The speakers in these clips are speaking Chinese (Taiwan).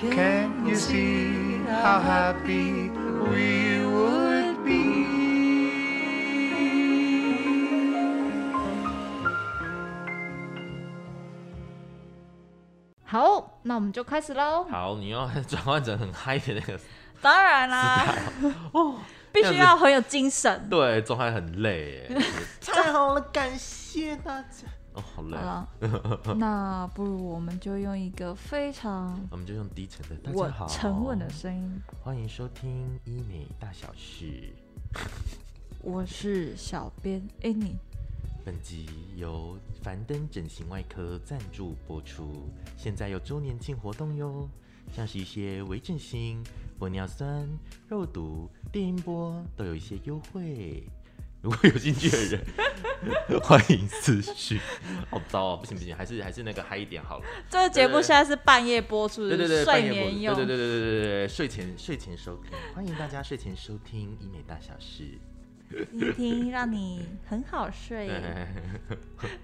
Can you, Can you see how happy we would be？好，那我們就開始嘍。好，你要轉換成很嗨的那個，當然啦、啊， 哦，必須要很有精神。對，做海很累耶， 太好了，感謝大家。哦，好冷。好了，那不如我們就用一個非常， 我們就用低沉的，大家好，沉穩的聲音，歡迎收聽醫美大小事。 我是小編 Any，欸。本集由凡登整形外科贊助播出，現在有週年慶活動喲，像是一些微整形、玻尿酸、肉毒、電音波都有一些優惠。如果有興趣的人， 歡迎私訊 好糟哦、啊，不行不行，還是還是那個嗨一點好了。這個節目現在是半夜播出的，對對對，對，睡眠用，對對對對對對對，睡前睡前收聽，歡迎大家睡前收聽醫美大小事。一聽讓你很好睡，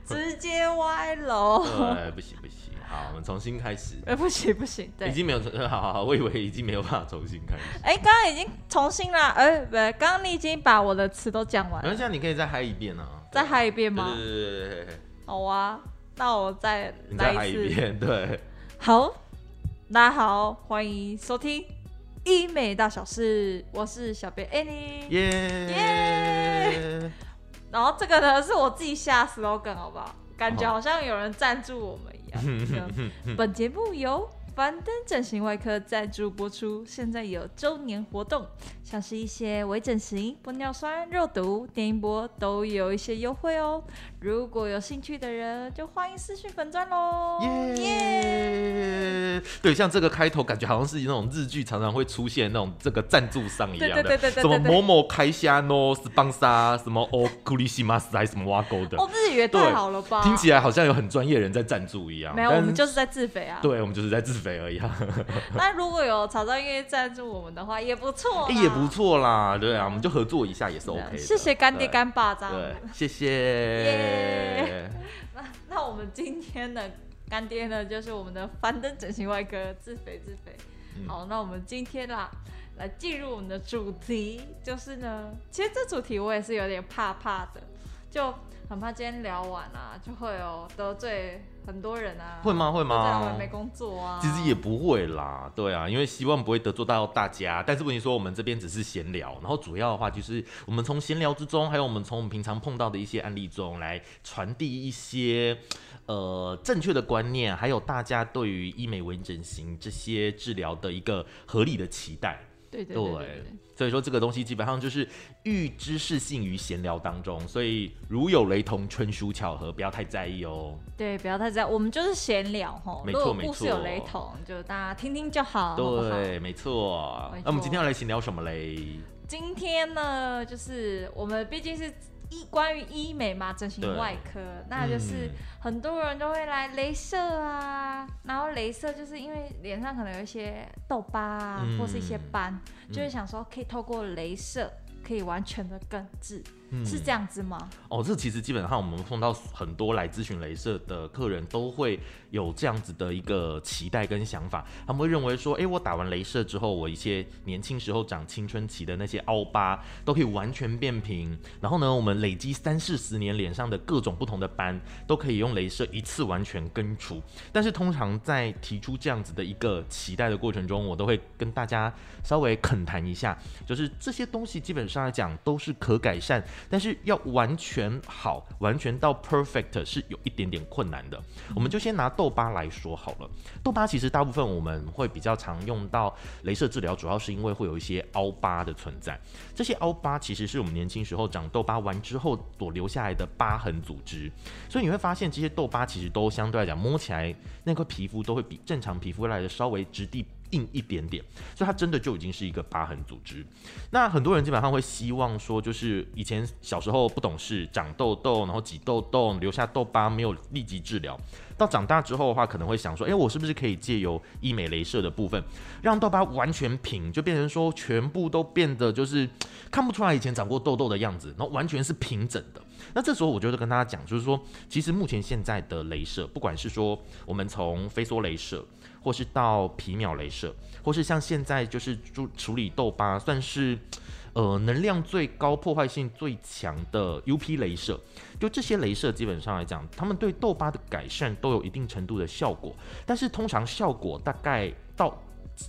直接歪樓。哎，不行不行，好，我們重新開始。哎、呃，不行不行，對，已經沒有好、呃、好好，我以為已經沒有辦法重新開始。哎、欸，剛剛已經重新了，哎、欸，喂，剛剛你已經把我的詞都講完了。那這樣你可以再嗨一遍呢、啊？再嗨一遍嗎？對，對，對，對。好啊，那我再來一次。你再嗨一遍，對。好，大家好，歡迎收聽。醫美大小事，我是小編 Annie。耶、yeah yeah，然後這個呢是我自己下 slogan 好不好？感覺好像有人贊助我們一樣。 本節目由凡登整形外科贊助播出，現在有周年活動，像是一些微整形、玻尿酸、肉毒、電音波都有一些優惠哦、喔。如果有興趣的人，就歡迎私訊粉鑽嘍。耶、yeah yeah！對，像這個開頭，感覺好像是那種日劇常常會出現的那種這個贊助商一樣的，什麼某某開箱呢，sponsor？什麼哦，古力西瑪斯還是什麼挖溝的？ 哦，日語也太好了吧？聽起來好像有很專業人在贊助一樣。沒有，我們就是在自肥啊。對，我們就是在自肥。肥而已啊。那如果有曹操願意贊助我們的話， 也不錯、欸。也不錯啦，對啊、嗯，我們就合作一下也是 OK、嗯、謝謝乾爹乾爸張，張。謝謝。耶、yeah。 那那我們今天的乾爹呢，就是我們的凡登整形外科自肥自肥、嗯。好，那我們今天啦，來進入我們的主題，就是呢，其實這主題我也是有點怕怕的，就很怕今天聊完了、啊、就會有得罪。很多人啊，會嗎？會嗎？在外面工作啊。其實也不會啦，對啊，因為希望不會得罪到大家。但是我們說，我們這邊只是閒聊，然後主要的話就是我們從閒聊之中，還有我們從我們平常碰到的一些案例中來傳遞一些呃正確的觀念，還有大家對於醫美、微整形這些治療的一個合理的期待。對對對，對，對對對，所以說這個東西基本上就是寓知識性於閒聊當中，所以如有雷同，純屬巧合，不要太在意哦。對，不要太在意，我們就是閒聊哦。沒錯沒錯，故事有雷同，就大家聽聽就好。對，好不好，沒錯。那我們今天要來閒聊什麼嘞？今天呢，就是我們畢竟是。關於醫美嘛，整形外科，那就是很多人都會來鐳射啊，嗯、然後鐳射就是因為臉上可能有一些痘疤啊，或是一些斑、嗯，就會想說可以透過鐳射可以完全的根治。是這樣子嗎？嗯，哦，這其實基本上我們碰到很多來諮詢鐳射的客人都會有這樣子的一個期待跟想法，他們會認為說，誒，我打完鐳射之後，我一些年輕時候長青春期的那些凹疤都可以完全變平，然後呢，我們累積三四十年臉上的各種不同的斑都可以用鐳射一次完全根除。但是通常在提出這樣子的一個期待的過程中，我都會跟大家稍微懇談一下，就是這些東西基本上來講都是可改善。但是要完全好，完全到 perfect 是有一點點困難的。我們就先拿痘疤來說好了。痘疤其實大部分我們會比較常用到雷射治療，主要是因為會有一些凹疤的存在。這些凹疤其實是我們年輕時候長痘疤完之後所留下來的疤痕組織，所以你會發現這些痘疤其實都相對來講摸起來那個皮膚都會比正常皮膚來的稍微質地。硬一點點，所以它真的就已經是一個疤痕組織。那很多人基本上會希望說，就是以前小時候不懂事，長痘痘，然後擠痘痘，留下痘疤，沒有立即治療，到長大之後的話，可能會想說，哎，我是不是可以借由醫美鐳射的部分，讓痘疤完全平，就變成說全部都變得就是看不出來以前長過痘痘的樣子，然後完全是平整的。那這時候我覺得跟大家講，就是說，其實目前現在的鐳射，不管是說我們從飛梭鐳射，或是到皮秒鐳射，或是像現在就是處處理痘疤，算是呃能量最高、破壞性最強的 UP 鐳射。就這些鐳射，基本上來講，他們對痘疤的改善都有一定程度的效果，但是通常效果大概到。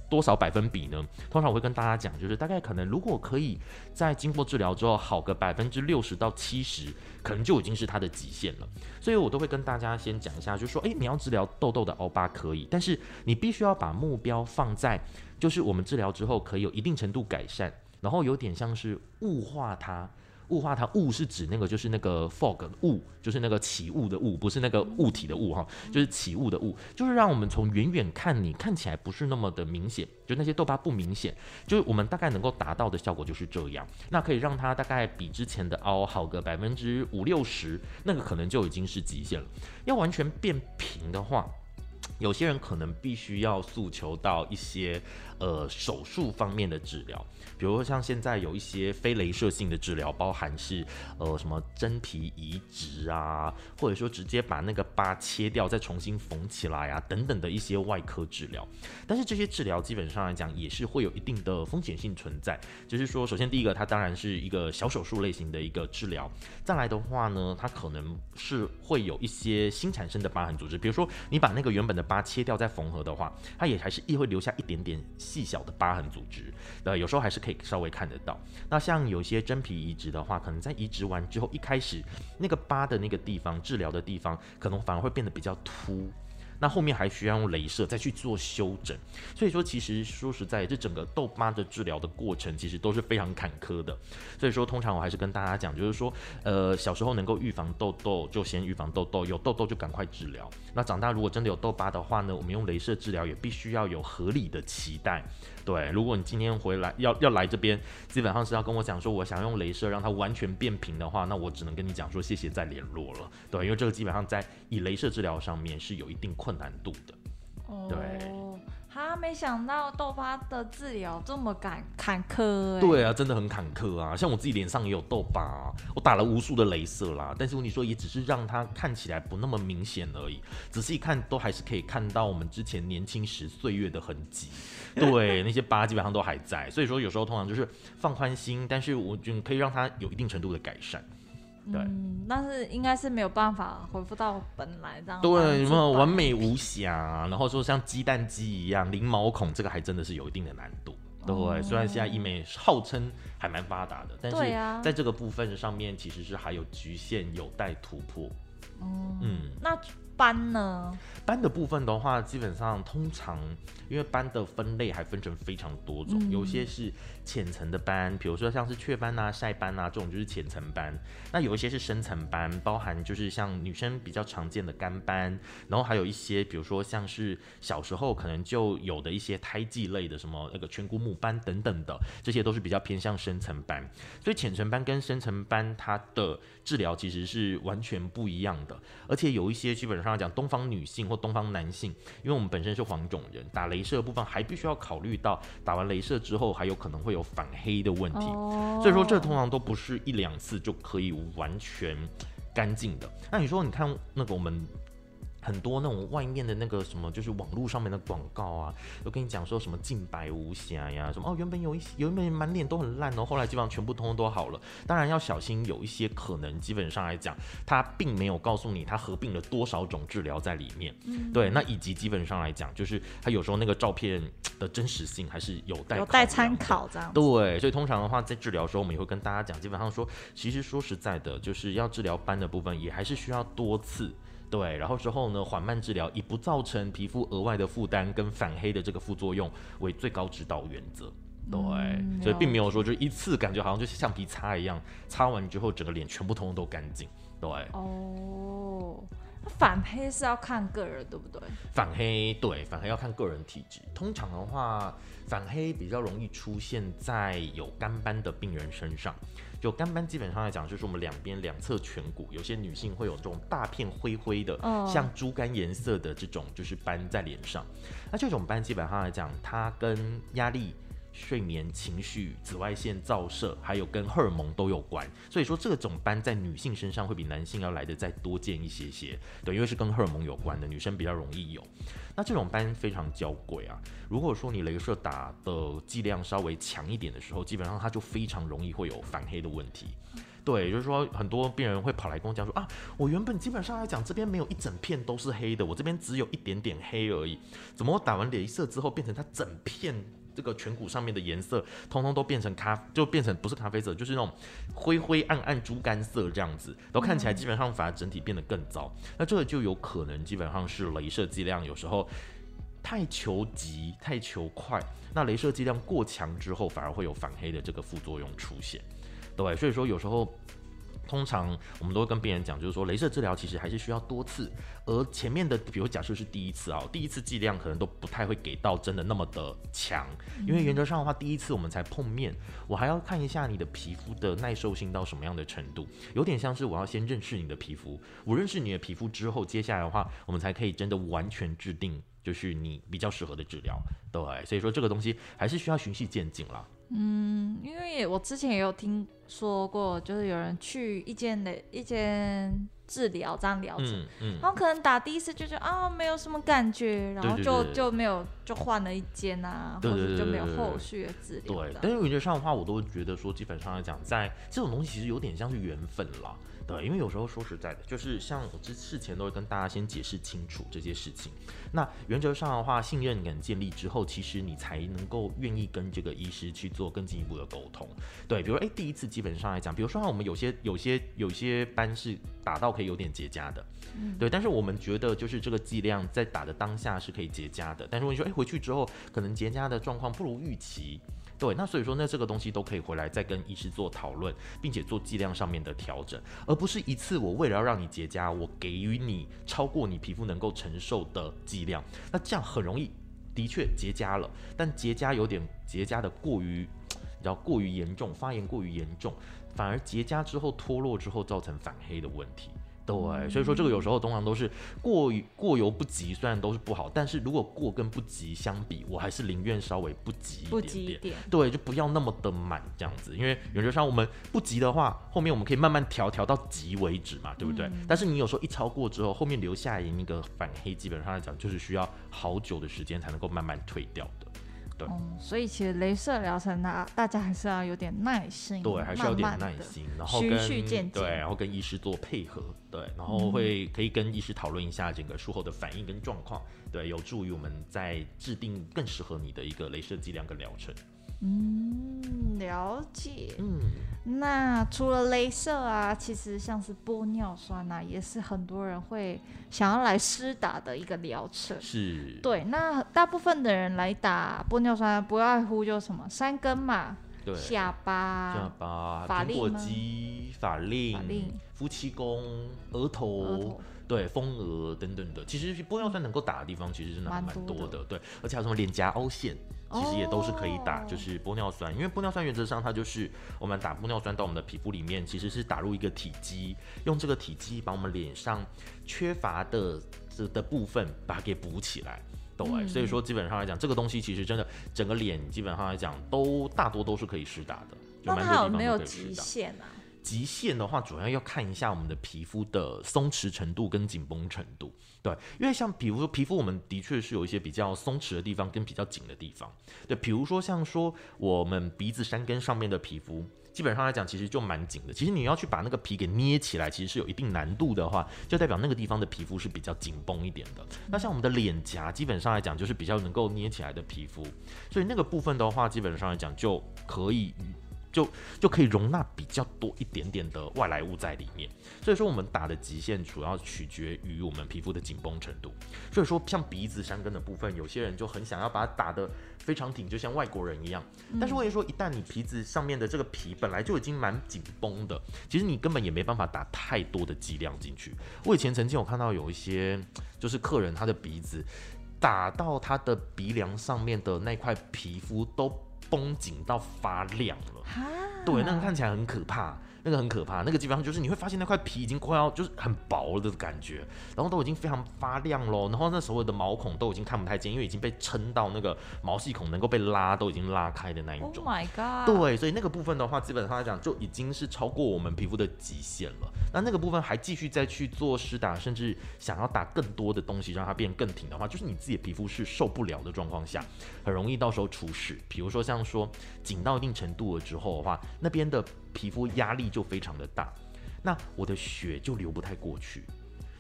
多少百分比呢？通常我會跟大家講，就是大概可能，如果可以在經過治療之後好個百分之六十到七十，可能就已經是它的極限了。所以我都會跟大家先講一下，就是說，誒，你要治療痘痘的凹疤可以，但是你必須要把目標放在，就是我們治療之後可以有一定程度改善，然後有點像是霧化它，霧化它，霧是指那個，就是那個 fog 霧就是那個起霧的霧，不是那個物體的霧哈，就是起霧的霧，就是讓我們從遠遠看你看起來不是那麼的明顯，就那些痘疤不明顯，就是我們大概能夠達到的效果就是這樣。那可以讓它大概比之前的凹好個百分之五六十，那個可能就已經是極限了。要完全變平的話，有些人可能必須要訴求到一些。呃，手術方面的治療，比如說像現在有一些非雷射性的治療，包含是呃什麼真皮移植啊，或者說直接把那個疤切掉再重新縫起來啊等等的一些外科治療。但是這些治療基本上來講也是會有一定的風險性存在，就是說，首先第一個它當然是一個小手術類型的一個治療，再來的話呢，它可能是會有一些新產生的疤痕組織，比如說你把那個原本的疤切掉再縫合的話，它也還是亦會留下一點點。細小的疤痕組織，呃，有時候還是可以稍微看得到。那像有些真皮移植的話，可能在移植完之後，一開始那個疤的那個地方，治療的地方，可能反而會變得比較凸。那後面還需要用雷射再去做修整，所以說其實說實在，這整個痘疤的治療的過程其實都是非常坎坷的。所以說，通常我還是跟大家講，就是說，呃，小時候能夠預防痘痘就先預防痘痘，有痘痘就趕快治療。那長大如果真的有痘疤的話呢，我們用雷射治療也必須要有合理的期待。對，如果你今天回來要要來這邊，基本上是要跟我講說，我想用鐳射讓它完全變平的話，那我只能跟你講說，謝謝再聯絡了。對，因為這個基本上在以鐳射治療上面是有一定困難度的。哦、對。啊，沒想到痘疤的治療這麼坎坎坷、欸。對啊，真的很坎坷啊！像我自己臉上也有痘疤、啊，我打了無數的鐳射啦，但是我跟你說，也只是讓它看起來不那麼明顯而已。仔細一看，都還是可以看到我們之前年輕時歲月的痕跡。 對，那些疤基本上都還在。所以說，有時候通常就是放寬心，但是我就可以讓它有一定程度的改善。對、嗯、但是應該是沒有辦法恢復到本來這樣的。對，有沒有完美無瑕、嗯？然後說像雞蛋肌一樣零毛孔，這個還真的是有一定的難度。嗯、對，雖然現在醫美號稱還蠻發達的，但是在這個部分上面其實是還有侷限，有待突破。嗯，嗯，那。斑呢？斑的部分的話，基本上通常因為斑的分類還分成非常多種，嗯、有些是淺層的斑，比如說像是雀斑啊、曬斑啊這種就是淺層斑。那有一些是深層斑，包含就是像女生比較常見的肝斑，然後還有一些比如說像是小時候可能就有的一些胎記類的，什麼那個顴骨母斑等等的，這些都是比較偏向深層斑。所以淺層斑跟深層斑它的治療其實是完全不一樣的，而且有一些基本上。剛剛講東方女性或東方男性，因為我們本身是黃種人，打雷射的部分還必須要考慮到，打完雷射之後還有可能會有反黑的問題，所以說這通常都不是一兩次就可以完全乾淨的。那你說，你看那個我們。很多那種外面的那個什麼，就是網絡上面的廣告啊，都跟你講說什麼淨白無瑕呀、啊，什麼哦原本有一些原本滿臉都很爛哦，後來基本上全部通通都好了。當然要小心，有一些可能基本上來講，它並沒有告訴你它合併了多少種治療在裡面。嗯，對，那以及基本上來講，就是它有時候那個照片的真實性還是有待有待參考這樣,考這樣。對，所以通常的話，在治療的時候，我們也會跟大家講，基本上說，其實說實在的，就是要治療斑的部分，也還是需要多次。對，然後之後呢，緩慢治療，以不造成皮膚額外的負擔跟反黑的這個副作用為最高指導原則。對，嗯、所以並沒有說就是一次感覺好像就像橡皮擦一樣，擦完之後整個臉全部通通都乾淨。對。哦，反黑是要看個人，對不對？反黑對，反黑要看個人體質。通常的話，反黑比較容易出現在有肝斑的病人身上。就肝斑基本上來講，就是我們兩邊兩側顴骨，有些女性會有這種大片灰灰的，oh. 像豬肝顏色的這種，就是斑在臉上。那這種斑基本上來講，它跟壓力、睡眠、情緒、紫外線照射，還有跟荷爾蒙都有關。所以說，這種斑在女性身上會比男性要來得再多見一些些。對，因為是跟荷爾蒙有關的，女生比較容易有。那這種斑非常嬌貴啊！如果說你雷射打的劑量稍微強一點的時候，基本上它就非常容易會有反黑的問題。對，就是說很多病人會跑來跟我講說啊，我原本基本上來講這邊沒有一整片都是黑的，我這邊只有一點點黑而已，怎麼我打完雷射之後變成它整片？這個顴骨上面的顏色，通通都變成咖，就變成不是咖啡色，就是那種灰灰暗暗豬肝色這樣子，然後看起來基本上反而整體變得更糟。那這個就有可能基本上是鐳射劑量有時候太求急、太求快，那鐳射劑量過強之後，反而會有反黑的這個副作用出現，對不對？所以說有時候。通常我們都會跟病人講，就是說，鐳射治療其實還是需要多次，而前面的，比如假設是第一次啊、喔，第一次劑量可能都不太會給到真的那麼的強，因為原則上的話，第一次我們才碰面，我還要看一下你的皮膚的耐受性到什麼樣的程度，有點像是我要先認識你的皮膚，我認識你的皮膚之後，接下來的話，我們才可以真的完全制定就是你比較適合的治療，對，所以說這個東西還是需要循序漸進啦。嗯，因為我之前也有聽。說過，就是有人去一間的，一間治療這樣聊着、嗯嗯，然後可能打第一次就覺、是、得啊沒有什麼感覺，然後就對對對，就沒有就換了一間啊，對對對對對，或者就沒有後續的治療。對，但是原則上的話，我都會覺得說基本上來講，在這種東西其實有點像是緣分啦。對，因為有時候說實在的，就是像我之前都會跟大家先解釋清楚這些事情。那原則上的話，信任感建立之後，其實你才能夠願意跟這個醫師去做更進一步的溝通。對，比如哎、欸、第一次基本上來講，比如說我們有些有些有些班是打到。可以有點結痂的，對。但是我們覺得，就是這個劑量在打的當下是可以結痂的。但是如果說，誒、欸、回去之後可能結痂的狀況不如預期，對。那所以說，那這個東西都可以回來再跟醫師做討論，並且做劑量上面的調整，而不是一次我為了要讓你結痂，我給予你超過你皮膚能夠承受的劑量。那這樣很容易，的確結痂了，但結痂有點結痂的過於，比較過於嚴重，發炎過於嚴重，反而結痂之後脫落之後造成反黑的問題。對，所以說這個有時候通常都是過於、嗯、過猶不及，雖然都是不好，但是如果過跟不及相比，我還是寧願稍微不及一點，點，不點，對，就不要那麼的滿這樣子，因為原則上我們不及的話，後面我們可以慢慢調，調到及為止嘛，對不對，嗯？但是你有時候一超過之後，後面留下那個反黑，基本上來講就是需要好久的時間才能夠慢慢退掉的。對對，嗯，所以其實鐳射療程呢，大家還是要有點耐心，對，還是要有點耐心，慢慢然後循序漸進，對，然後跟醫師做配合，對，然後會可以跟醫師討論一下整個術後的反應跟狀況，嗯，對，有助於我們在制定更適合你的一個鐳射劑量跟療程。嗯，了解。嗯，那除了鐳射啊，其實像是玻尿酸吶、啊，也是很多人會想要來施打的一個療程。是。對，那大部分的人來打玻尿酸，不外乎就是什麼山根嘛，對，下巴、下巴、蘋果肌、法令、法令、夫妻宮、額頭，對，豐額等等的。其實玻尿酸能夠打的地方，其實是蠻多的蠻多的。對，而且還有什麼臉頰凹陷。其實也都是可以打，哦，就是玻尿酸，因為玻尿酸原則上它就是我們打玻尿酸到我們的皮膚裡面，其實是打入一個體積，用這個體積把我們臉上缺乏的的部分把它給補起來，對。嗯，所以說基本上來講，這個東西其實真的整個臉基本上來講都大多都是可以施打的，有蠻多地方都可以施打。極限的話，主要要看一下我們的皮膚的鬆弛程度跟緊繃程度。對，因為像比如說皮膚，我們的確是有一些比較鬆弛的地方跟比較緊的地方。對，比如說像說我們鼻子山根上面的皮膚，基本上來講其實就蠻緊的。其實你要去把那個皮給捏起來，其實是有一定難度的話，就代表那個地方的皮膚是比較緊繃一點的。那像我們的臉頰，基本上來講就是比較能夠捏起來的皮膚，所以那個部分的話，基本上來講就可以。就就可以容納比較多一點點的外來物在裡面，所以說我們打的極限主要取決於我們皮膚的緊繃程度。所以說像鼻子山根的部分，有些人就很想要把它打得非常挺，就像外國人一樣。但是我也說，一旦你鼻子上面的這個皮本來就已經蠻緊繃的，其實你根本也沒辦法打太多的劑量進去。我以前曾經有看到有一些就是客人他的鼻子打到他的鼻樑上面的那塊皮膚都繃緊到發亮了，對，那看起來很可怕。那個很可怕，那個基本上就是你會發現那塊皮已經快要就是很薄了的感覺，然後都已經非常發亮咯。然後那所有的毛孔都已經看不太見，因為已經被撐到那個毛細孔能夠被拉都已經拉開的那一種。Oh my god！對，所以那個部分的話，基本上來講就已經是超過我們皮膚的極限了。那那個部分還繼續再去做施打，甚至想要打更多的東西讓它變更挺的話，就是你自己皮膚是受不了的狀況下，很容易到時候出事。比如說像說緊到一定程度了之後的話，那邊的。皮膚壓力就非常的大，那我的血就流不太過去，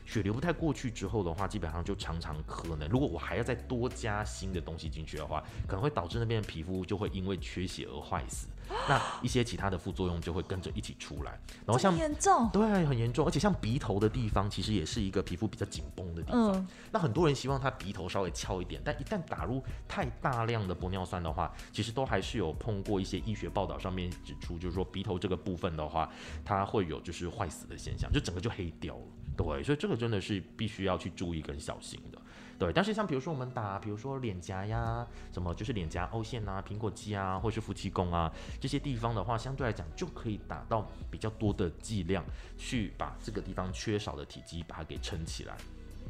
血流不太過去之後的話，基本上就常常可能，如果我還要再多加新的東西進去的話，可能會導致那邊的皮膚就會因為缺血而壞死。那一些其他的副作用就會跟着一起出來，然後像很嚴重，對，很嚴重，而且像鼻頭的地方，其實也是一個皮膚比較緊繃的地方。嗯。那很多人希望他鼻頭稍微翹一點，但一旦打入太大量的玻尿酸的話，其實都還是有碰過一些醫學報道上面指出，就是說鼻頭這個部分的話，它會有就是壞死的現象，就整個就黑掉了。對，所以這個真的是必須要去注意跟小心的。對，但是像比如說我們打，比如說臉頰呀，什麼就是臉頰凹陷啊、蘋果肌啊，或是夫妻宮啊這些地方的話，相對來講就可以打到比較多的劑量，去把這個地方缺少的體積把它給撐起來。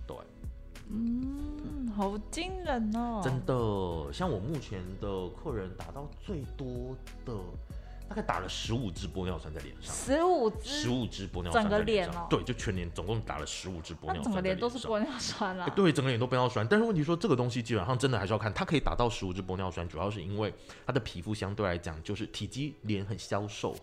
對，嗯，好驚人哦！真的，像我目前的客人打到最多的，大概打了十五支玻尿酸在臉上，十五支，十五支玻尿酸整個臉哦，對，就全臉總共打了十五支玻尿酸，整個臉都是玻尿酸了，對，整個臉都玻尿酸。但是問題說這個東西基本上真的還是要看，它可以打到十五支玻尿酸，主要是因為它的皮膚相對來講就是體積臉很消瘦，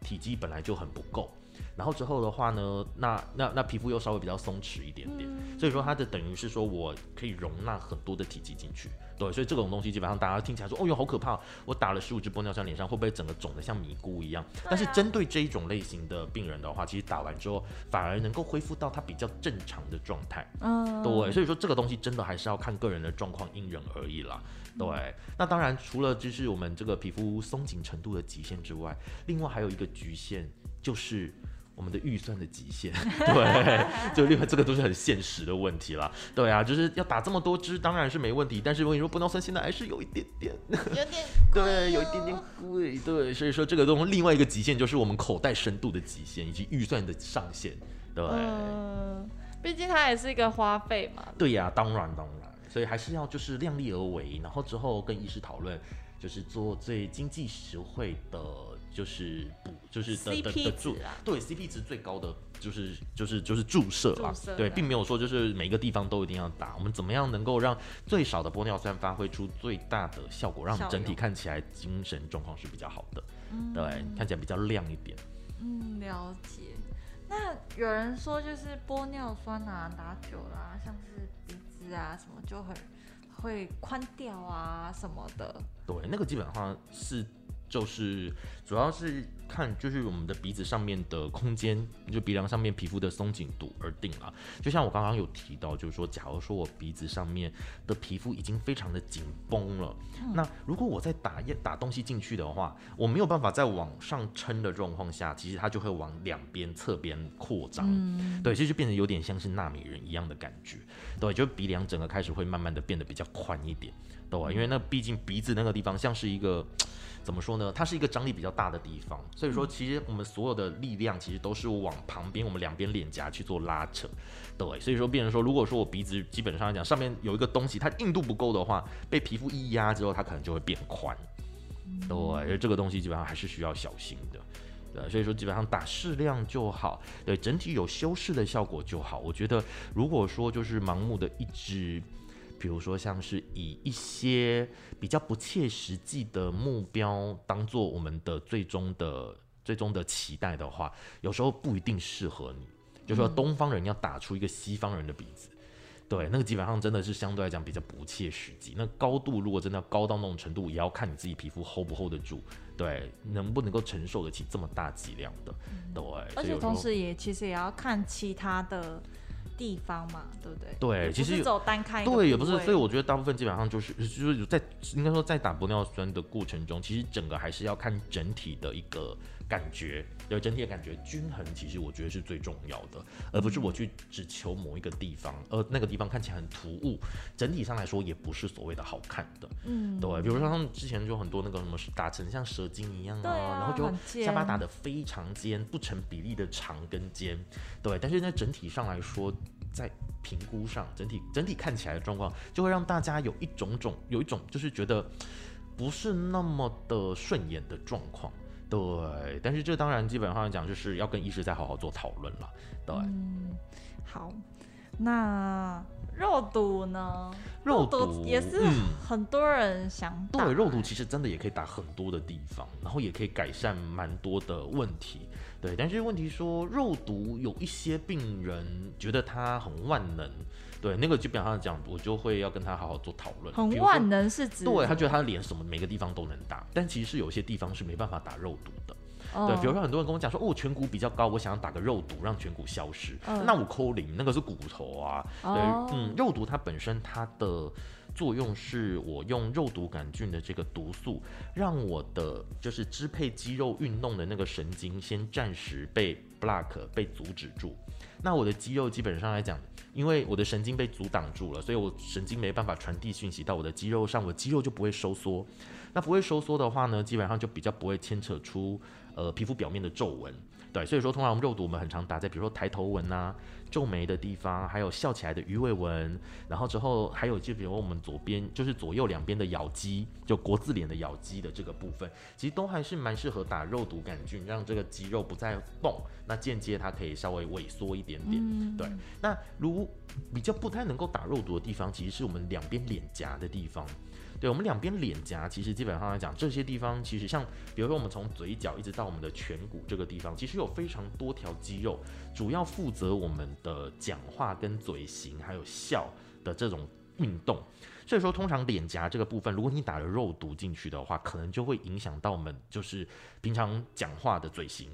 體積本來就很不夠。然後之後的話呢，那那那皮膚又稍微比較鬆弛一點點，嗯，所以說它的等於是說我可以容納很多的體積進去，對，所以這種東西基本上大家聽起來說，哦，喲好可怕，我打了十五支玻尿酸，臉上會不會整個腫得像迷糊一樣，啊。但是針對這一種類型的病人的話，其實打完之後反而能夠恢復到它比較正常的狀態，嗯，對，所以說這個東西真的還是要看個人的狀況，因人而異啦，對，嗯。那當然除了就是我們這個皮膚鬆緊程度的極限之外，另外還有一個局限。就是我們的預算的極限，對， 就另外這個都是很現實的問題了。對啊，就是要打這麼多支，當然是沒問題。但是，我跟你說，玻尿酸現在還是有一點點，有點貴、啊，對，有一點點貴，對。所以說，這個東西另外一個極限就是我們口袋深度的極限，以及預算的上限。對，畢、嗯、竟它也是一個花費嘛。對呀、啊，當然，當然，所以還是要就是量力而為，然後之後跟醫師討論，就是做最經濟實惠的。就是補，就是的 CP 值、啊、的的注，對 CP 值最高的就是就是就是注射啦、啊啊。對，並沒有說就是每個地方都一定要打。我們怎麼樣能夠讓最少的玻尿酸發揮出最大的效果，讓整體看起來精神狀況是比較好的，對、嗯，看起來比較亮一點。嗯，了解。那有人說就是玻尿酸啊，打久了、啊，像是鼻子啊什麼就很會寬掉啊什麼的。對，那個基本上是。就是主要是看，就是我們的鼻子上面的空間，就鼻梁上面皮膚的鬆緊度而定了、啊。就像我剛剛有提到，就是說，假如說我鼻子上面的皮膚已經非常的緊繃了、嗯，那如果我再打一打東西進去的話，我沒有辦法再往上撐的狀況下，其實它就會往兩邊側邊擴張。嗯，對，其實就變得有點像是納米人一樣的感覺。對，就鼻梁整個開始會慢慢的變得比較寬一點，對吧？嗯、因為那畢竟鼻子那個地方像是一個。怎麼說呢？它是一個張力比較大的地方，所以說其實我們所有的力量其實都是往旁邊，我們兩邊臉頰去做拉扯，對。所以說變成說，如果說我鼻子基本上來講上面有一個東西，它硬度不夠的話，被皮膚一壓之後，它可能就會變寬，對。而這個東西基本上還是需要小心的，對。所以說基本上打適量就好，對，整體有修飾的效果就好。我覺得如果說就是盲目的一直，比如說像是以一些。比較不切實際的目標當做我們的最終的最終的期待的話，有時候不一定適合你。就說東方人要打出一個西方人的鼻子，嗯、對，那個基本上真的是相對來講比較不切實際。那高度如果真的要高到那種程度，也要看你自己皮膚 hold 不 hold 得住，對，能不能夠承受得起這麼大劑量的，嗯、對。而且同時也其實也要看其他的。地方嘛，對不對？對，其實走單開一對，對也不是，所以我覺得大部分基本上就是，就是在應該說在打玻尿酸的過程中，其實整個還是要看整體的一個。感覺有整體的感覺，均衡其實我覺得是最重要的，而不是我去只求某一個地方，嗯，而那個地方看起來很突兀，整體上來說也不是所謂的好看的。嗯，對，比如說他們之前就很多那個什麼打成像蛇精一樣啊，啊然後就下巴打得非常尖，尖，不成比例的長跟尖，對，但是那整體上來說，在評估上整體整體看起來的狀況，就會讓大家有一種種有一種就是覺得不是那麼的順眼的狀況。對，但是這當然基本上講就是要跟醫師再好好做討論了。對，嗯，好，那肉毒呢？肉毒，肉毒也是很，嗯，很多人想打，欸。對，肉毒其實真的也可以打很多的地方，然後也可以改善蠻多的問題。對，但是問題說，肉毒有一些病人覺得它很萬能。對，那個就比方像這樣，我就會要跟他好好做討論。很萬能是指？對，他覺得他的臉什麼每個地方都能打，但其實是有些地方是沒辦法打肉毒的。哦、對，比如說很多人跟我講說，哦，顴骨比較高，我想要打個肉毒讓顴骨消失，嗯、那我摳零，那個是骨頭啊。對、哦，嗯，肉毒它本身它的作用是我用肉毒桿菌的這個毒素，讓我的就是支配肌肉運動的那個神經先暫時被 block 被阻止住。那我的肌肉基本上來講，因為我的神經被阻擋住了，所以我神經沒辦法傳遞訊息到我的肌肉上，我肌肉就不會收縮。那不會收縮的話呢，基本上就比較不會牽扯出，呃，皮膚表面的皺紋。對，所以說通常我們肉毒我們很常打在比如說抬頭紋吶、啊、皺眉的地方，還有笑起來的魚尾紋，然後之後還有就比如我們左邊就是左右兩邊的咬肌，就國字臉的咬肌的這個部分，其實都還是蠻適合打肉毒桿菌，讓這個肌肉不再動，那間接它可以稍微萎縮一點點。嗯，對，那如。比較不太能夠打肉毒的地方，其實是我們兩邊臉頰的地方。對，我們兩邊臉頰，其實基本上來講，這些地方其實像，比如說我們從嘴角一直到我們的顴骨這個地方，其實有非常多條肌肉，主要負責我們的講話跟嘴型還有笑的這種運動。所以說，通常臉頰這個部分，如果你打了肉毒進去的話，可能就會影響到我們就是平常講話的嘴型。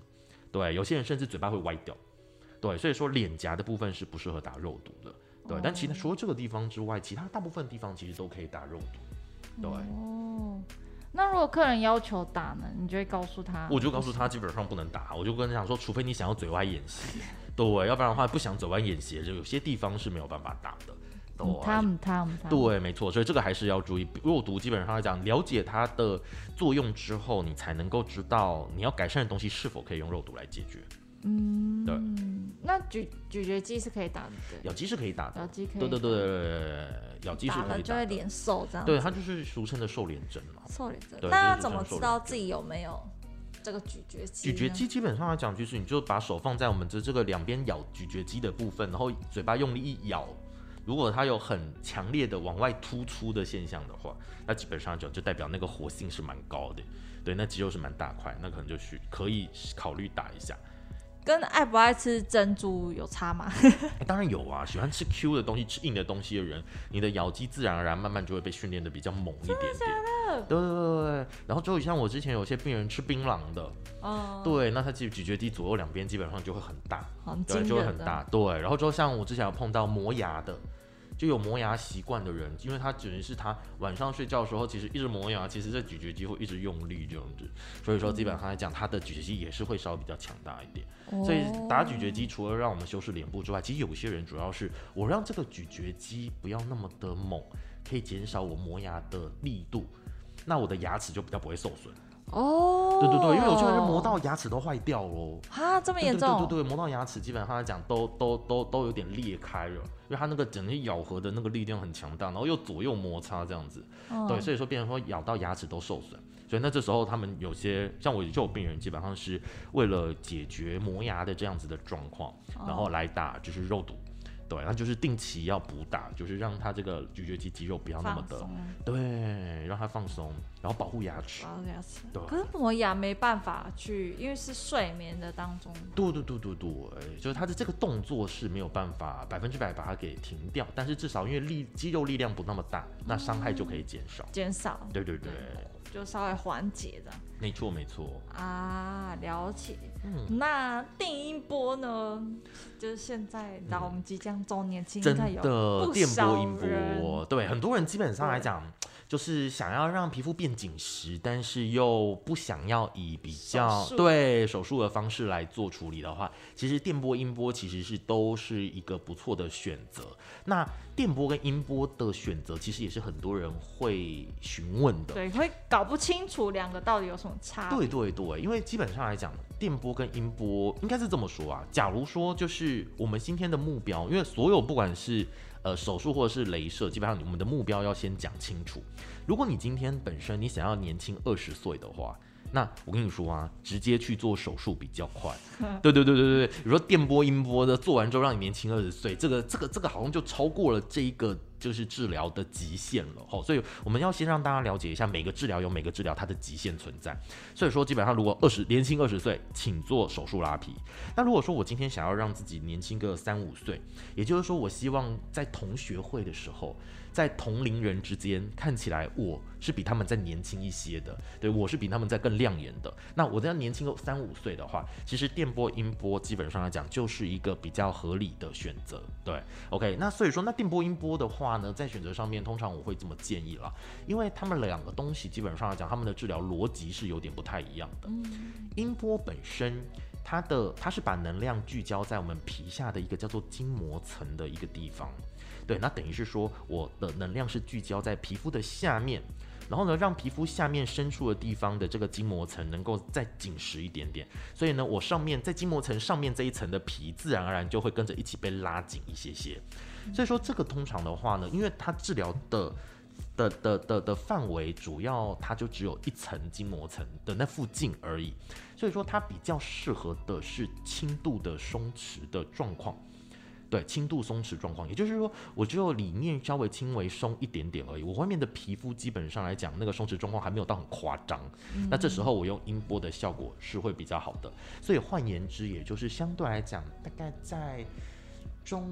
對，有些人甚至嘴巴會歪掉。對，所以說臉頰的部分是不適合打肉毒的。對，哦、但其實除了這個地方之外，其他大部分地方其實都可以打肉毒。對，哦。那如果客人要求打呢？你就會告訴他，我就告訴他基本上不能打，我就跟他講說，除非你想要嘴歪眼斜，對， 要不然的話不想嘴歪眼斜，就有些地方是沒有辦法打的。對，他們他們他們。對、嗯，沒錯，所以這個還是要注意，肉毒基本上來講，了解它的作用之後，你才能夠知道你要改善的東西是否可以用肉毒來解決。嗯，對，那咀咀嚼肌是可以打的，咬肌是可以打的，咬肌可以，對對對對，對，對對對對，咬肌是可以打的，就會臉瘦這樣，對，它就是俗稱的瘦臉針嘛。瘦臉針，對，就是俗稱的瘦臉針。那他怎麼知道自己有沒有這個咀嚼肌？咀嚼肌基本上來講，就是你就把手放在我們的這，這個兩邊咬咀，咀嚼肌的部分，然後嘴巴用力一咬，如果它有很強烈的往外突出的現象的話，那基本上就就代表那個活性是蠻高的，對，那肌肉是蠻大塊，那可能就是可以考慮打一下。跟愛不愛吃珍珠有差嗎？ 、欸？當然有啊，喜歡吃 Q 的東西，吃硬的東西的人，你的咬肌自然而然慢慢就會被訓練的比較猛一點點。真的假的？對對對對。然後就像我之前有些病人吃檳榔的、嗯，對，那他咀嚼肌左右兩邊基本上就會很大，對，就會很大。對，然後就像我之前有碰到磨牙的。就有磨牙習慣的人，因為他只能是他晚上睡覺的時候，其實一直磨牙，其實在咀嚼肌會一直用力這樣子，所以說基本上來講，他的咀嚼肌也是會稍微比較強大一點。所以打咀嚼肌除了讓我們修飾臉部之外，其實有些人主要是我讓這個咀嚼肌不要那麼的猛，可以減少我磨牙的力度，那我的牙齒就比較不會受損。哦，對對對，因為有些人磨到牙齒都壞掉了，哈，這麼嚴重？對對對，對，磨到牙齒基本上來講都都都都有點裂開了，因為他那個整個咬合的那個力量很強大，然後又左右摩擦這樣子，嗯，對，所以說變成說咬到牙齒都受損，所以那這時候他們有些像我就有病人，基本上是為了解決磨牙的這樣子的狀況，然後來打就是肉毒。對，那就是定期要補打，就是讓他這個咀嚼肌肌肉不要那麼的，對，讓他放鬆，然後保護牙齒，保護牙齒。對，可是磨牙沒辦法去，因為是睡眠的當中。對對對對對，就是他的這個動作是沒有辦法百分之百把它給停掉，但是至少因為力肌肉力量不那麼大，那傷害就可以減少，嗯，減少。對對對，對，就稍微緩解的。沒錯，沒錯啊，了解、嗯。那電音波呢？就是現在，那、嗯、我們即將週年慶在有的電波音波，對很多人基本上來講。就是想要讓皮膚變緊實，但是又不想要以比較手對手術的方式來做處理的話，其實電波、音波其實是都是一個不錯的選擇。那電波跟音波的選擇，其實也是很多人會詢問的。對，會搞不清楚兩個到底有什麼差別？對對對，因為基本上來講，電波跟音波應該是這麼說啊。假如說就是我們今天的目標，因為所有不管是呃，手術或者是雷射，基本上我們的目標要先講清楚。如果你今天本身你想要年輕二十歲的話。那我跟你說啊，直接去做手術比較快。對對對對對，比如說電波、音波的做完之後，讓你年輕二十歲，這個這個這個好像就超過了這一個就是治療的極限了。哦，所以我們要先讓大家了解一下，每個治療有每個治療它的極限存在。所以說，基本上如果二十年輕二十歲，請做手術拉皮。那如果說我今天想要讓自己年輕個三五歲，也就是說，我希望在同學會的時候。在同齡人之間，看起來我是比他們再年輕一些的，對我是比他們再更亮眼的。那我這樣年輕個三五歲的話，其實電波音波基本上來講就是一個比較合理的選擇。對，OK，那所以說，那電波音波的話呢，在選擇上面，通常我會這麼建議了，因為他們兩個東西基本上來講，他們的治療邏輯是有點不太一樣的。嗯、音波本身。它的它是把能量聚焦在我們皮下的一個叫做筋膜層的一個地方，對，那等於是說我的能量是聚焦在皮膚的下面，然後呢，讓皮膚下面深處的地方的這個筋膜層能夠再緊實一點點，所以呢，我上面在筋膜層上面這一層的皮自然而然就會跟着一起被拉緊一些些，所以說這個通常的話呢，因為它治療的的的的的範圍主要它就只有一層筋膜層的那附近而已。所以說它比較適合的是輕度的鬆弛的狀況，對，對輕度鬆弛狀況，也就是說我只有裡面稍微輕微鬆一點點而已，我外面的皮膚基本上來講那個鬆弛狀況還沒有到很誇張，那這時候我用音波的效果是會比較好的，所以換言之，也就是相對來講，大概在中。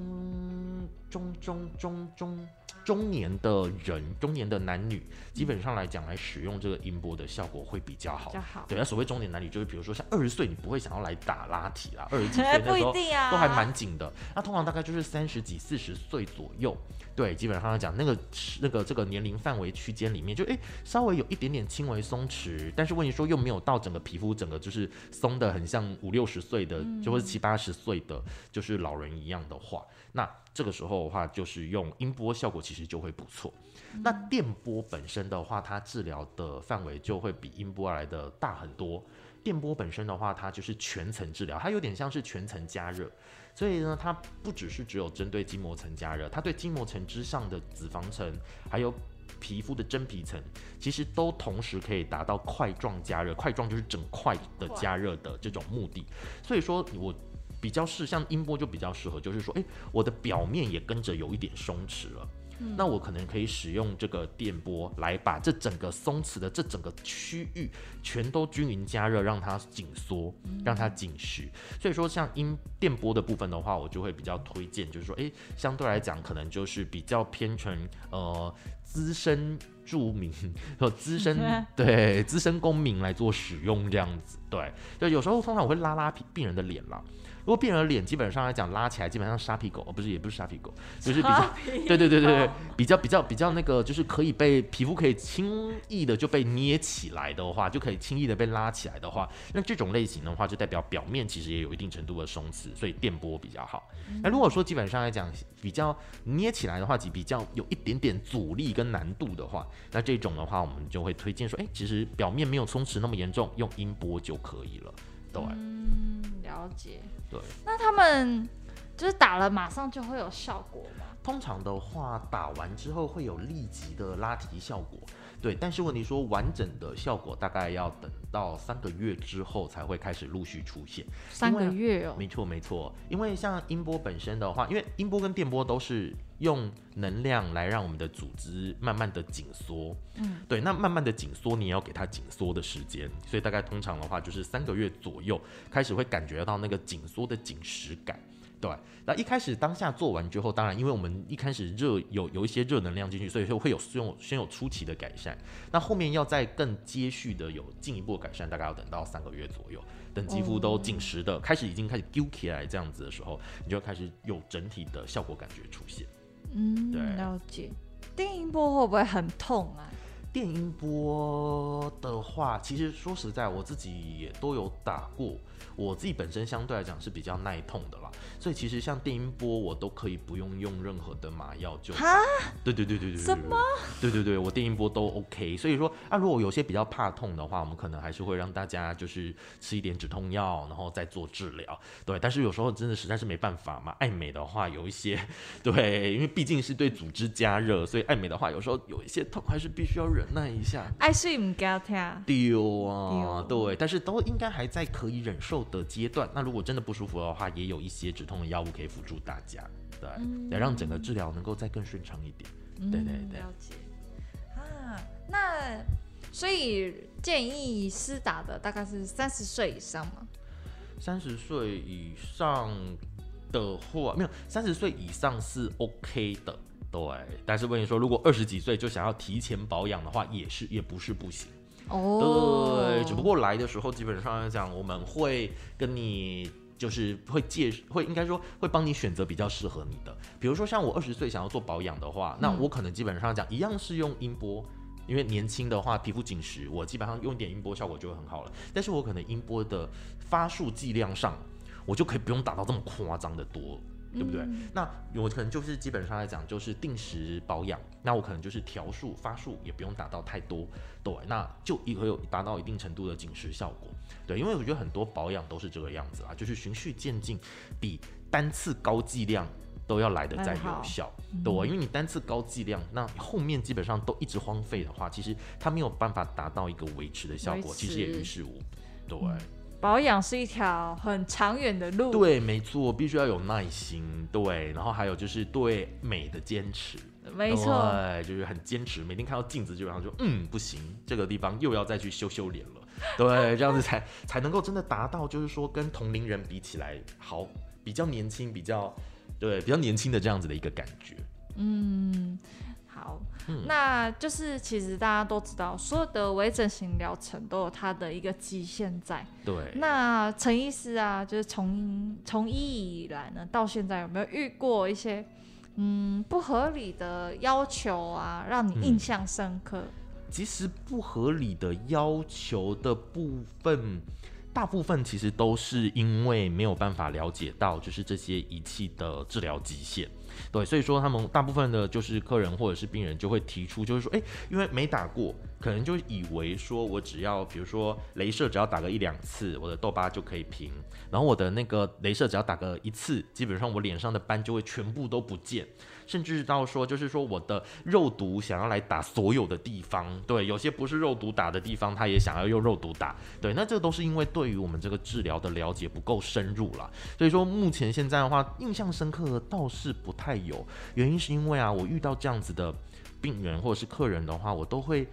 中中中中中年的人，中年的男女，嗯、基本上來講來使用這個音波的效果會比較好。比較好，對啊，那所謂中年男女就是，比如說像二十歲，你不會想要來打拉提啦，二十幾歲那時候都還蠻緊的。 那通常大概就是三十幾、四十歲左右。對，基本上來講，那個那個這個年齡範圍區間裡面就，就、欸、誒稍微有一點點輕微鬆弛，但是問題說又沒有到整個皮膚整個就是鬆得很像五六十歲的，嗯、就或者七八十歲的就是老人一樣的話，那。這個時候的話，就是用音波效果其實就會不錯。那電波本身的話，它治療的範圍就會比音波來的大很多。電波本身的話，它就是全層治療，它有點像是全層加熱，所以呢，它不只是只有針對筋膜層加熱，它對筋膜層之上的脂肪層，還有皮膚的真皮層，其實都同時可以達到塊狀加熱，塊狀就是整塊的加熱的這種目的。所以說，我。比較適像音波就比較適合，就是說，哎、欸，我的表面也跟着有一點鬆弛了，嗯，那我可能可以使用這個電波來把這整個鬆弛的這整個區域全都均勻加熱，讓它緊縮，嗯，讓它緊實。所以說，像音電波的部分的話，我就會比較推薦，就是說，哎、欸，相對來講，可能就是比較偏成呃資深著名和資深、嗯、對資深公民來做使用這樣子。對，就有時候通常我會拉拉病人的臉啦。如果病人的臉基本上來講拉起來，基本上沙皮狗，哦、不是也不是沙皮狗，就是比較，對對對對對，比較比較比較，比較那個，就是可以被皮膚可以輕易的就被捏起來的話，就可以輕易的被拉起來的話，那這種類型的話就代表表面其實也有一定程度的鬆弛，所以電波比較好。嗯、那如果說基本上來講比較捏起來的話，比較有一點點阻力跟難度的話，那這種的話我們就會推薦說，哎，其實表面沒有鬆弛那麼嚴重，用音波就。可以了，對，嗯，了解，對，那他們就是打了，馬上就會有效果嗎？通常的話，打完之後會有立即的拉提效果。對，但是問題說完整的效果大概要等到三個月之後才會開始陸續出現，三個月哦，嗯、沒錯沒錯，因為像音波本身的話，因為音波跟電波都是用能量來讓我們的組織慢慢的緊縮，嗯，對，那慢慢的緊縮，你也要給它緊縮的時間，所以大概通常的話就是三個月左右開始會感覺到那個緊縮的緊實感。對，那一開始當下做完之後，當然，因為我們一開始熱有有一些熱能量進去，所以說會有先有先有初期的改善。那後面要再更接續的有進一步改善，大概要等到三個月左右，等肌膚都緊實的開始已經開始縮起來這樣子的時候，你就會開始有整體的效果感覺出現。對。嗯，了解。電音波會不會很痛啊？電音波的話，其實說實在，我自己也都有打過。我自己本身相對來講是比較耐痛的啦，所以其實像電音波我都可以不用用任何的麻藥就，蛤？對對對對對，什麼？對對對，我電音波都 OK。所以說啊，如果有些比較怕痛的話，我們可能還是會讓大家就是吃一點止痛藥，然後再做治療。對，但是有時候真的實在是沒辦法嘛。愛美的話有一些，對，因為畢竟是對組織加熱，所以愛美的話有時候有一些痛還是必須要忍耐一下。愛睡唔叫疼丟啊對，對，但是都應該還在可以忍受受的階段，那如果真的不舒服的話，也有一些止痛的藥物可以輔助大家，對，來、嗯、讓整個治療能夠再更順暢一點、嗯。對對對。了解啊，那所以建議施打的大概是三十歲以上嗎？三十歲以上的話，沒有三十歲以上是 OK 的，對。但是問你說，如果二十幾歲就想要提前保養的話，也是也不是不行。哦、oh.，對，對，只不過來的時候基本上來講，我們會跟你就是會介會應該說會幫你選擇比較適合你的，比如說像我二十歲想要做保養的話，那我可能基本上講一樣是用音波，嗯、因為年輕的話皮膚緊實，我基本上用點音波效果就會很好了，但是我可能音波的發數劑量上，我就可以不用打到這麼誇張的多。對不對、嗯？那我可能就是基本上來講，就是定時保養。那我可能就是調數發數，也不用達到太多，對。那就也會有達到一定程度的緊實效果，對。因為我覺得很多保養都是這個樣子啊，就是循序漸進，比單次高劑量都要來得再有效，嗯，對。因為你單次高劑量，那後面基本上都一直荒廢的話，其實它沒有辦法達到一個維持的效果，其實也於事無補，對。嗯保養是一條很長遠的路，對，沒錯，必須要有耐心，對，然後還有就是對美的堅持，沒錯，對，就是很堅持，每天看到鏡子就然後就嗯不行，這個地方又要再去修修臉了， 對，這樣子才才能夠真的達到，就是說跟同齡人比起來好，比較年輕，比較對，比較年輕的這樣子的一個感覺，嗯。嗯，那就是其實大家都知道，所有的微整形療程都有它的一個極限在。對，那陳醫師啊，就是從從醫以來呢，到現在有沒有遇過一些嗯不合理的要求啊，讓你印象深刻？嗯，其實不合理的要求的部分，大部分其實都是因為沒有辦法了解到，就是這些儀器的治療極限。對，所以說他們大部分的就是客人或者是病人就會提出，就是說，誒，因為沒打過，可能就以為說我只要，比如說，鐳射只要打個一兩次，我的痘疤就可以平；然後我的那個鐳射只要打個一次，基本上我臉上的斑就會全部都不見。甚至到說，就是說我的肉毒想要來打所有的地方，對，有些不是肉毒打的地方，他也想要用肉毒打，對，那這都是因為對於我們這個治療的了解不夠深入了，所以說目前現在的話，印象深刻的倒是不太有，原因是因為啊，我遇到這樣子的病人或者是客人的話，我都會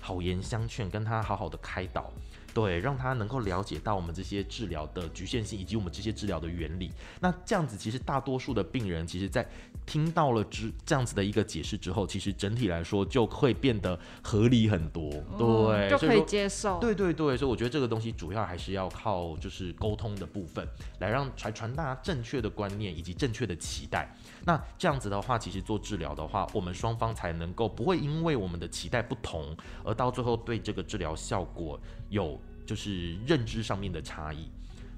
好言相勸，跟他好好的開導。對，讓他能夠了解到我們這些治療的局限性，以及我們這些治療的原理。那這樣子，其實大多數的病人，其實在聽到了這這樣子的一個解釋之後，其實整體來說就會變得合理很多。對，嗯、就可以接受。對對對，所以我覺得這個東西主要還是要靠就是溝通的部分，來讓傳傳達正確的觀念以及正確的期待。那這樣子的話，其實做治療的話，我們雙方才能夠不會因為我們的期待不同，而到最後對這個治療效果。有就是認知上面的差異，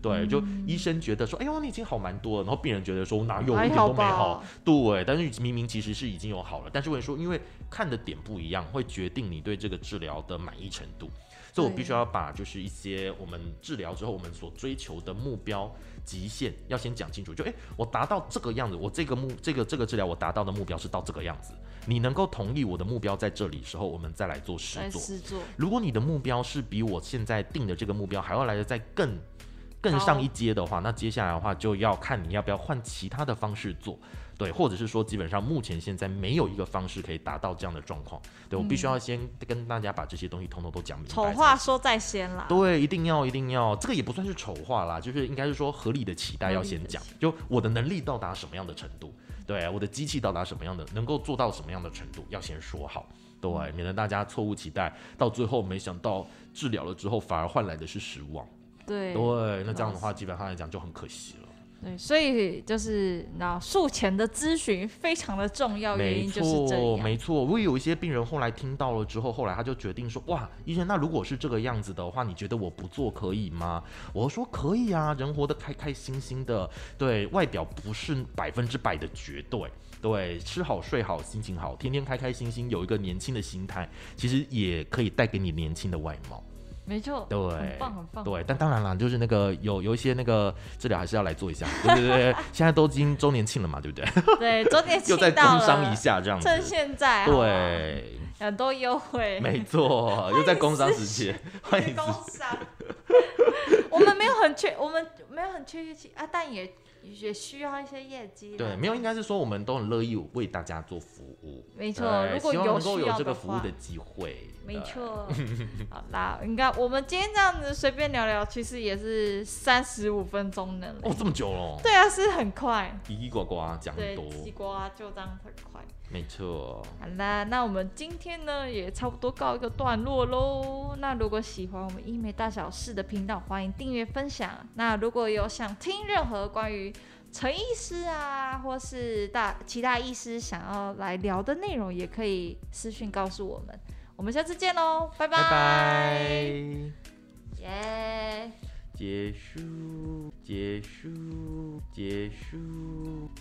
對、嗯，就醫生覺得說，哎呦，你已經好蠻多了，然後病人覺得說，我哪有，一點都沒好，好，對，但是明明其實是已經有好了，但是我說，因為看的點不一樣，會決定你對這個治療的滿意程度，所以我必須要把就是一些我們治療之後我們所追求的目標、極限要先講清楚，就誒、欸、我達到這個樣子，我這個目這個這個治療我達到的目標是到這個樣子，你能夠同意我的目標在這裡的時候，我們再來做試做,試做。如果你的目標是比我現在定的這個目標還要來得再更更上一階的話，那接下來的話就要看你要不要換其他的方式做。對，或者是說，基本上目前現在沒有一個方式可以達到這樣的狀況。對，我必須要先跟大家把這些東西通通都講明白。嗯，醜話說在先啦。對，一定要，一定要，這個也不算是醜話啦，就是應該是說合理的期待要先講，就我的能力到達什麼樣的程度，對，我的機器到達什麼樣的，能夠做到什麼樣的程度，要先說好，對，免得大家錯誤期待，到最後沒想到治療了之後反而換來的是失望。對。對，對，那這樣的話基本上來講就很可惜了。對，所以就是那術前的諮詢非常的重要，原因就是這個沒錯，因為有一些病人後來聽到了之後，後來他就決定說：“哇，醫生，那如果是這個樣子的話，你覺得我不做可以嗎？”我說：“可以啊，人活得開開心心的，對外表不是百分之百的絕對。對，吃好睡好，心情好，天天開開心心，有一個年輕的心態，其實也可以帶給你年輕的外貌。”沒錯，對，很棒，很棒，對，但當然了，就是那個有有一些那個治療還是要來做一下， 對對對，現在都已經周年慶了嘛，對不對？對，周年慶 又在工商一下這樣子，趁現在對很多優惠，沒錯， 又在工商時期，歡迎工商，商 我們沒有很缺，我們沒有很缺運氣啊，但也。也需要一些業績對，沒有，應該是說我們都很樂意為大家做服務。沒錯，呃，如果有希望能夠有這個服務的機會，呃，沒錯。 好啦，應該我們今天這樣子隨便聊聊，其實也是三十五分鐘呢。哦，這麼久了。對啊，是很快。嘰嘰呱呱講多。對，西瓜就這樣很快。沒錯，好啦，那我們今天呢也差不多告一個段落嘍。那如果喜歡我們醫美大小事的頻道，歡迎訂閱分享。那如果有想聽任何關於陳醫師啊，或是大其他醫師想要來聊的內容，也可以私訊告訴我們。我們下次見嘍，拜拜。耶、yeah，結束，結束，結束，結束。